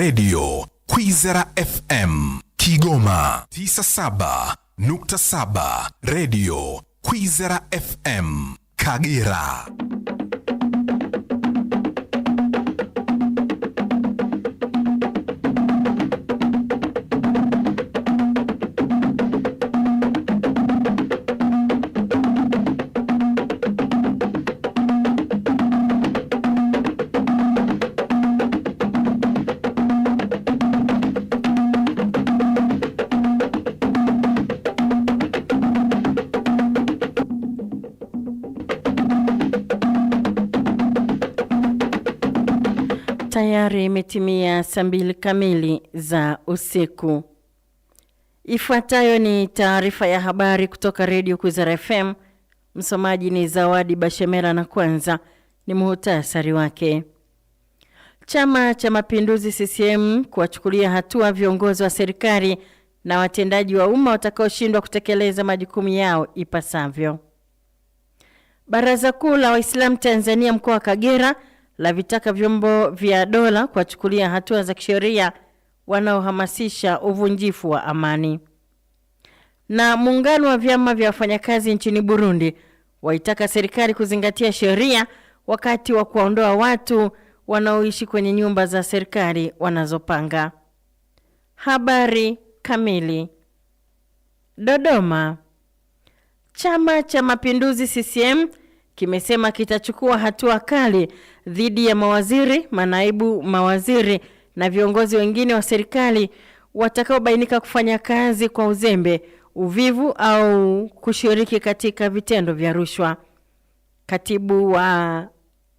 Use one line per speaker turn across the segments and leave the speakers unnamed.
Redio Kwizera FM Kigoma 97.7, Redio Kwizera FM Kagera.
Tayari imetimia saa mbili kamili za usiku. Ifuatayo ni taarifa ya habari kutoka Redio Kwizera FM. Msomaji ni Zawadi Bashemera na kwanza ni muhutasari wake. Chama cha Mapinduzi CCM kuwachukulia hatua viongozi wa serikali na watendaji wa umma watakaoshindwa kutekeleza majukumu yao ipasavyo. Baraza Kuu la Waislamu Tanzania mkoa wa Kagera lavitaka vyombo vya dola kuwachukulia hatua za kisheria wanaohamasisha uvunjifu wa amani. Na muungano wa vyama vya wafanyakazi nchini Burundi waitaka serikali kuzingatia sheria wakati wa kuwaondoa watu wanaoishi kwenye nyumba za serikali wanazopanga. Habari kamili. Dodoma. Chama cha Mapinduzi CCM kimesema kitachukua hatua kali dhidi ya mawaziri, manaibu mawaziri na viongozi wengine wa serikali watakaobainika kufanya kazi kwa uzembe, uvivu au kushiriki katika vitendo vya rushwa. Katibu wa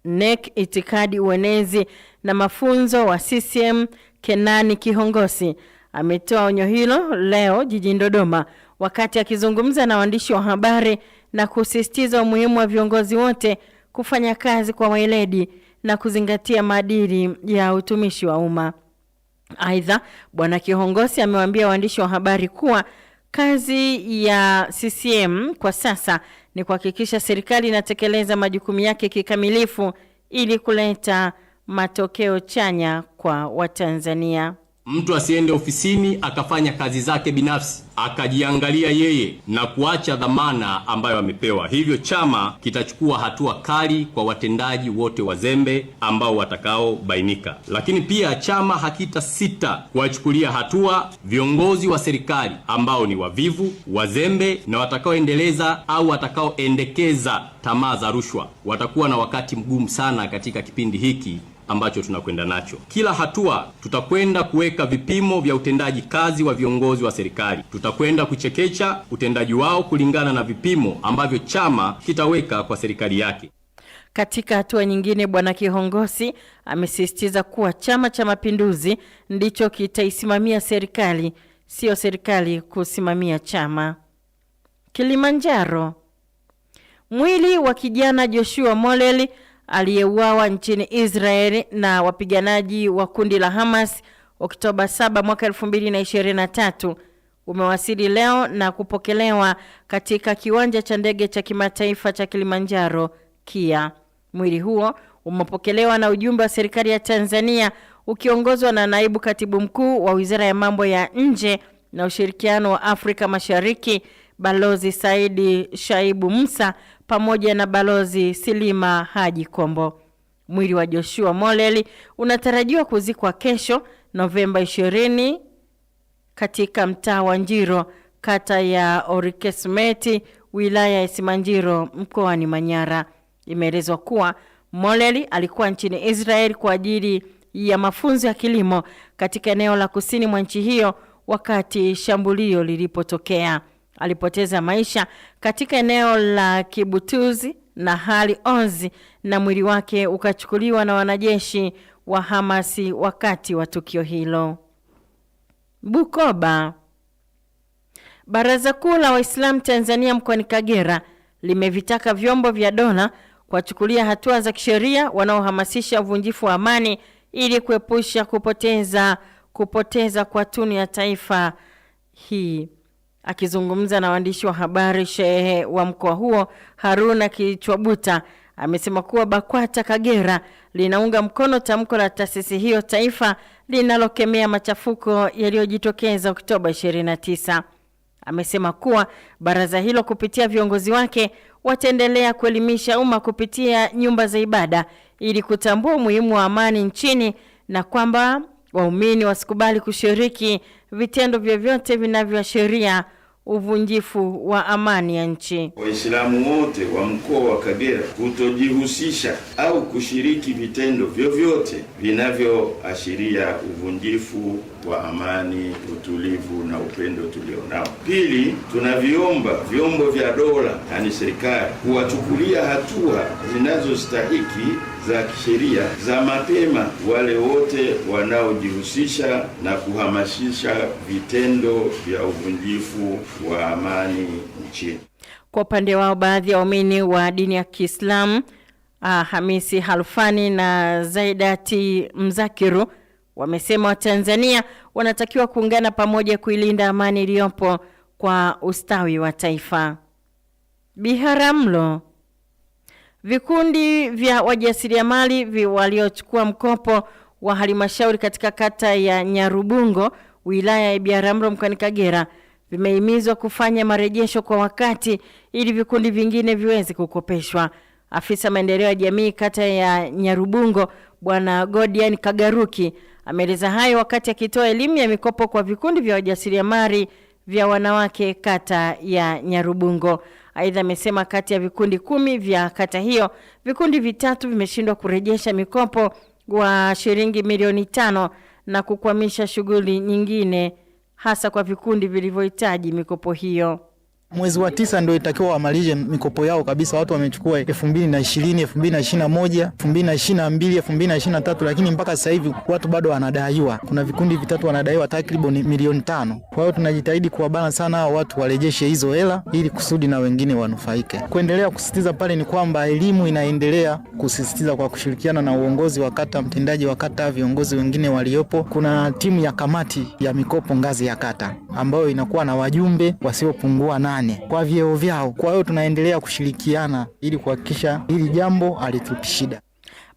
NEC itikadi, uenezi na mafunzo wa CCM Kenani Kihongosi ametoa onyo hilo leo jijini Dodoma wakati akizungumza na waandishi wa habari na kusisitiza umuhimu wa viongozi wote kufanya kazi kwa weledi na kuzingatia maadili ya utumishi wa umma. Aidha, Bwana Kihongosi amewaambia waandishi wa habari kuwa kazi ya CCM kwa sasa ni kuhakikisha serikali inatekeleza majukumu yake kikamilifu ili kuleta matokeo chanya kwa Watanzania
mtu asiende ofisini akafanya kazi zake binafsi akajiangalia yeye na kuacha dhamana ambayo amepewa. Hivyo chama kitachukua hatua kali kwa watendaji wote wazembe ambao watakaobainika, lakini pia chama hakita sita kuwachukulia hatua viongozi wa serikali ambao ni wavivu, wazembe na watakaoendeleza au watakaoendekeza tamaa za rushwa. Watakuwa na wakati mgumu sana katika kipindi hiki ambacho tunakwenda nacho. Kila hatua tutakwenda kuweka vipimo vya utendaji kazi wa viongozi wa serikali. Tutakwenda kuchekecha utendaji wao kulingana na vipimo ambavyo chama kitaweka kwa serikali yake.
Katika hatua nyingine, Bwana Kihongosi amesisitiza kuwa Chama cha Mapinduzi ndicho kitaisimamia serikali, siyo serikali kusimamia chama. Kilimanjaro, mwili wa kijana Joshua Moleli aliyeuawa nchini Israel na wapiganaji wa kundi la Hamas Oktoba 7 mwaka 2023 umewasili leo na kupokelewa katika kiwanja cha ndege cha kimataifa cha Kilimanjaro KIA. Mwili huo umepokelewa na ujumbe wa serikali ya Tanzania ukiongozwa na naibu katibu mkuu wa Wizara ya Mambo ya Nje na Ushirikiano wa Afrika Mashariki Balozi Saidi Shaibu Musa pamoja na Balozi Silima Haji Kombo. Mwili wa Joshua Moleli unatarajiwa kuzikwa kesho Novemba 20 katika mtaa wa Njiro, kata ya orikesmeti wilaya ya Simanjiro, mkoani Manyara. Imeelezwa kuwa Moleli alikuwa nchini Israel kwa ajili ya mafunzo ya kilimo katika eneo la kusini mwa nchi hiyo wakati shambulio lilipotokea alipoteza maisha katika eneo la Kibutuzi na Hali onzi na mwili wake ukachukuliwa na wanajeshi wa Hamasi wakati wa tukio hilo. Bukoba. Baraza Kuu la Waislamu Tanzania mkoani Kagera limevitaka vyombo vya dola kuwachukulia hatua za kisheria wanaohamasisha uvunjifu wa amani ili kuepusha kupoteza kupoteza kwa tunu ya taifa hii. Akizungumza na waandishi wa habari, shehe wa mkoa huo Haruna Kichwabuta amesema kuwa BAKWATA Kagera linaunga mkono tamko la taasisi hiyo taifa linalokemea machafuko yaliyojitokeza Oktoba 29. Amesema kuwa baraza hilo kupitia viongozi wake wataendelea kuelimisha umma kupitia nyumba za ibada ili kutambua umuhimu wa amani nchini na kwamba waumini wasikubali kushiriki vitendo vyovyote vinavyoashiria uvunjifu wa amani ya nchi.
Waislamu wote wa mkoa wa Kagera kutojihusisha au kushiriki vitendo vyovyote vinavyoashiria uvunjifu wa amani, utulivu na upendo tulionao. Pili, tunaviomba vyombo vya dola, yaani serikali, kuwachukulia hatua zinazostahiki za kisheria za mapema wale wote wanaojihusisha na kuhamasisha vitendo vya uvunjifu wa amani nchini.
Kwa upande wao baadhi ya waumini wa dini ya Kiislamu ah, Hamisi Halfani na Zaidati Mzakiru wamesema Watanzania wanatakiwa kuungana pamoja kuilinda amani iliyopo kwa ustawi wa taifa. Biharamlo Vikundi vya wajasiriamali waliochukua mkopo wa halmashauri katika kata ya Nyarubungo wilaya ya Biharamulo mkoani Kagera vimehimizwa kufanya marejesho kwa wakati ili vikundi vingine viweze kukopeshwa. Afisa maendeleo ya jamii kata ya Nyarubungo Bwana Godian Kagaruki ameeleza hayo wakati akitoa elimu ya mikopo kwa vikundi vya wajasiriamali vya wanawake kata ya Nyarubungo. Aidha, amesema kati ya vikundi kumi vya kata hiyo vikundi vitatu vimeshindwa kurejesha mikopo wa shilingi milioni tano na kukwamisha shughuli nyingine hasa kwa vikundi vilivyohitaji mikopo hiyo.
Mwezi wa tisa ndio itakiwa wamalize mikopo yao kabisa. Watu wamechukua elfu mbili na ishirini, elfu mbili na ishirini na moja, elfu mbili na ishirini na mbili, elfu mbili na ishirini na tatu, lakini mpaka sasa hivi watu bado wanadaiwa. Kuna vikundi vitatu wanadaiwa takriban milioni tano. Kwa hiyo tunajitahidi kuwabana sana hao watu warejeshe hizo hela, ili kusudi na wengine wanufaike. Kuendelea kusisitiza pale ni kwamba elimu inaendelea kusisitiza kwa kushirikiana na uongozi wa kata, mtendaji wa kata, viongozi wengine waliopo. Kuna timu ya kamati ya mikopo ngazi ya kata ambayo inakuwa na wajumbe wasiopungua nane nane kwa vyeo vyao. Kwa hiyo tunaendelea kushirikiana ili kuhakikisha hili jambo halitupi shida.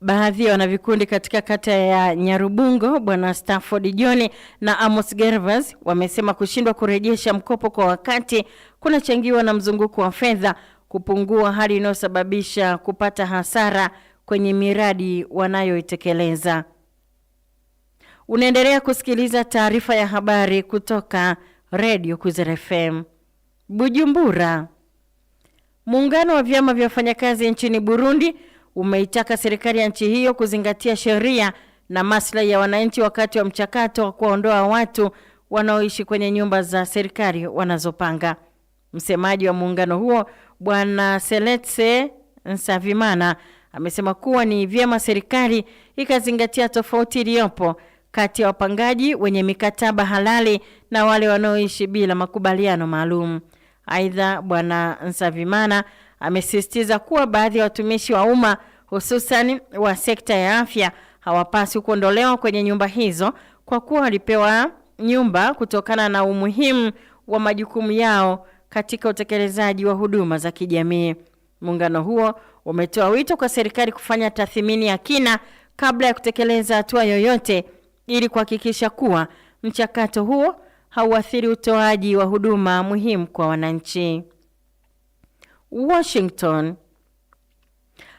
Baadhi ya wanavikundi katika kata ya Nyarubungo, Bwana Stafford John na Amos Gervas wamesema kushindwa kurejesha mkopo kwa wakati kunachangiwa na mzunguko wa fedha kupungua, hali inayosababisha kupata hasara kwenye miradi wanayoitekeleza. Unaendelea kusikiliza taarifa ya habari kutoka Radio Kwizera FM. Bujumbura. Muungano wa vyama vya wafanyakazi nchini Burundi umeitaka serikali ya nchi hiyo kuzingatia sheria na maslahi ya wananchi wakati wa mchakato wa kuwaondoa watu wanaoishi kwenye nyumba za serikali wanazopanga. Msemaji wa muungano huo Bwana Seletse Nsavimana amesema kuwa ni vyema serikali ikazingatia tofauti iliyopo kati ya wapangaji wenye mikataba halali na wale wanaoishi bila makubaliano maalum. Aidha, Bwana Nsavimana amesisitiza kuwa baadhi ya watumishi wa umma hususan wa sekta ya afya hawapaswi kuondolewa kwenye nyumba hizo kwa kuwa walipewa nyumba kutokana na umuhimu wa majukumu yao katika utekelezaji wa huduma za kijamii. Muungano huo umetoa wito kwa serikali kufanya tathmini ya kina kabla ya kutekeleza hatua yoyote ili kuhakikisha kuwa mchakato huo hauathiri utoaji wa huduma muhimu kwa wananchi. Washington.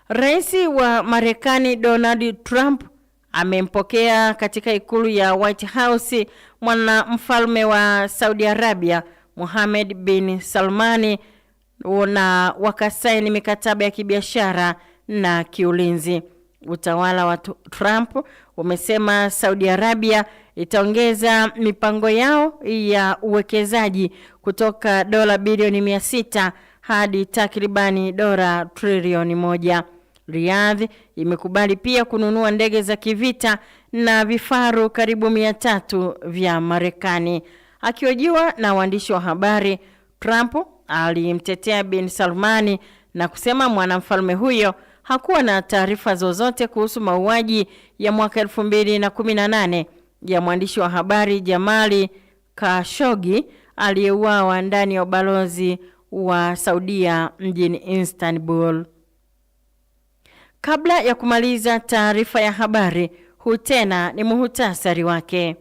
Rais wa Marekani Donald Trump amempokea katika ikulu ya White House mwanamfalme wa Saudi Arabia Mohammed bin Salmani na wakasaini mikataba ya kibiashara na kiulinzi utawala wa Trump umesema Saudi Arabia itaongeza mipango yao ya uwekezaji kutoka dola bilioni mia sita hadi takribani dola trilioni moja. Riyadh imekubali pia kununua ndege za kivita na vifaru karibu mia tatu vya Marekani. Akiojiwa na waandishi wa habari, Trump alimtetea bin Salmani na kusema mwanamfalme huyo hakuwa na taarifa zozote kuhusu mauaji ya mwaka nane ya mwandishi wa habari Jamali kashogi aliyeuawa ndani ya ubalozi wa Saudia mjini Istanbul. Kabla ya kumaliza taarifa ya habari, huu tena ni muhutasari wake.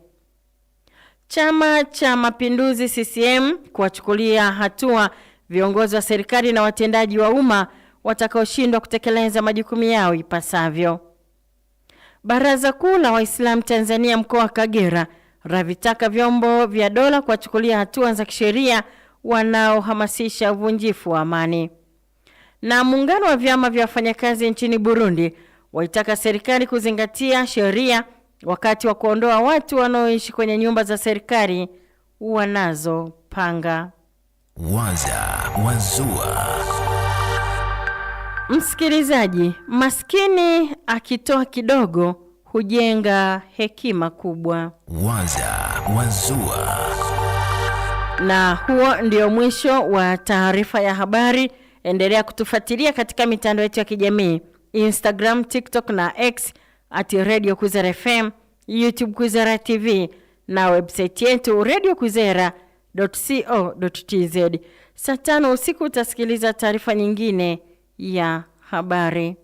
Chama cha Mapinduzi CCM kuwachukulia hatua viongozi wa serikali na watendaji wa umma watakaoshindwa kutekeleza majukumu yao ipasavyo. Baraza Kuu la Waislamu Tanzania mkoa wa Kagera ravitaka vyombo vya dola kuwachukulia hatua za kisheria wanaohamasisha uvunjifu wa amani. Na muungano wa vyama vya wafanyakazi nchini Burundi waitaka serikali kuzingatia sheria wakati wa kuondoa watu wanaoishi kwenye nyumba za serikali wanazopanga.
Waza Wazua.
Msikilizaji, maskini akitoa kidogo hujenga hekima kubwa.
Waza Wazua.
Na huo ndio mwisho wa taarifa ya habari. Endelea kutufuatilia katika mitandao yetu ya kijamii Instagram, TikTok na X at Radio Kwizera FM, YouTube Kwizera TV na website yetu Radio Kwizera Saa tano usiku utasikiliza taarifa nyingine ya habari.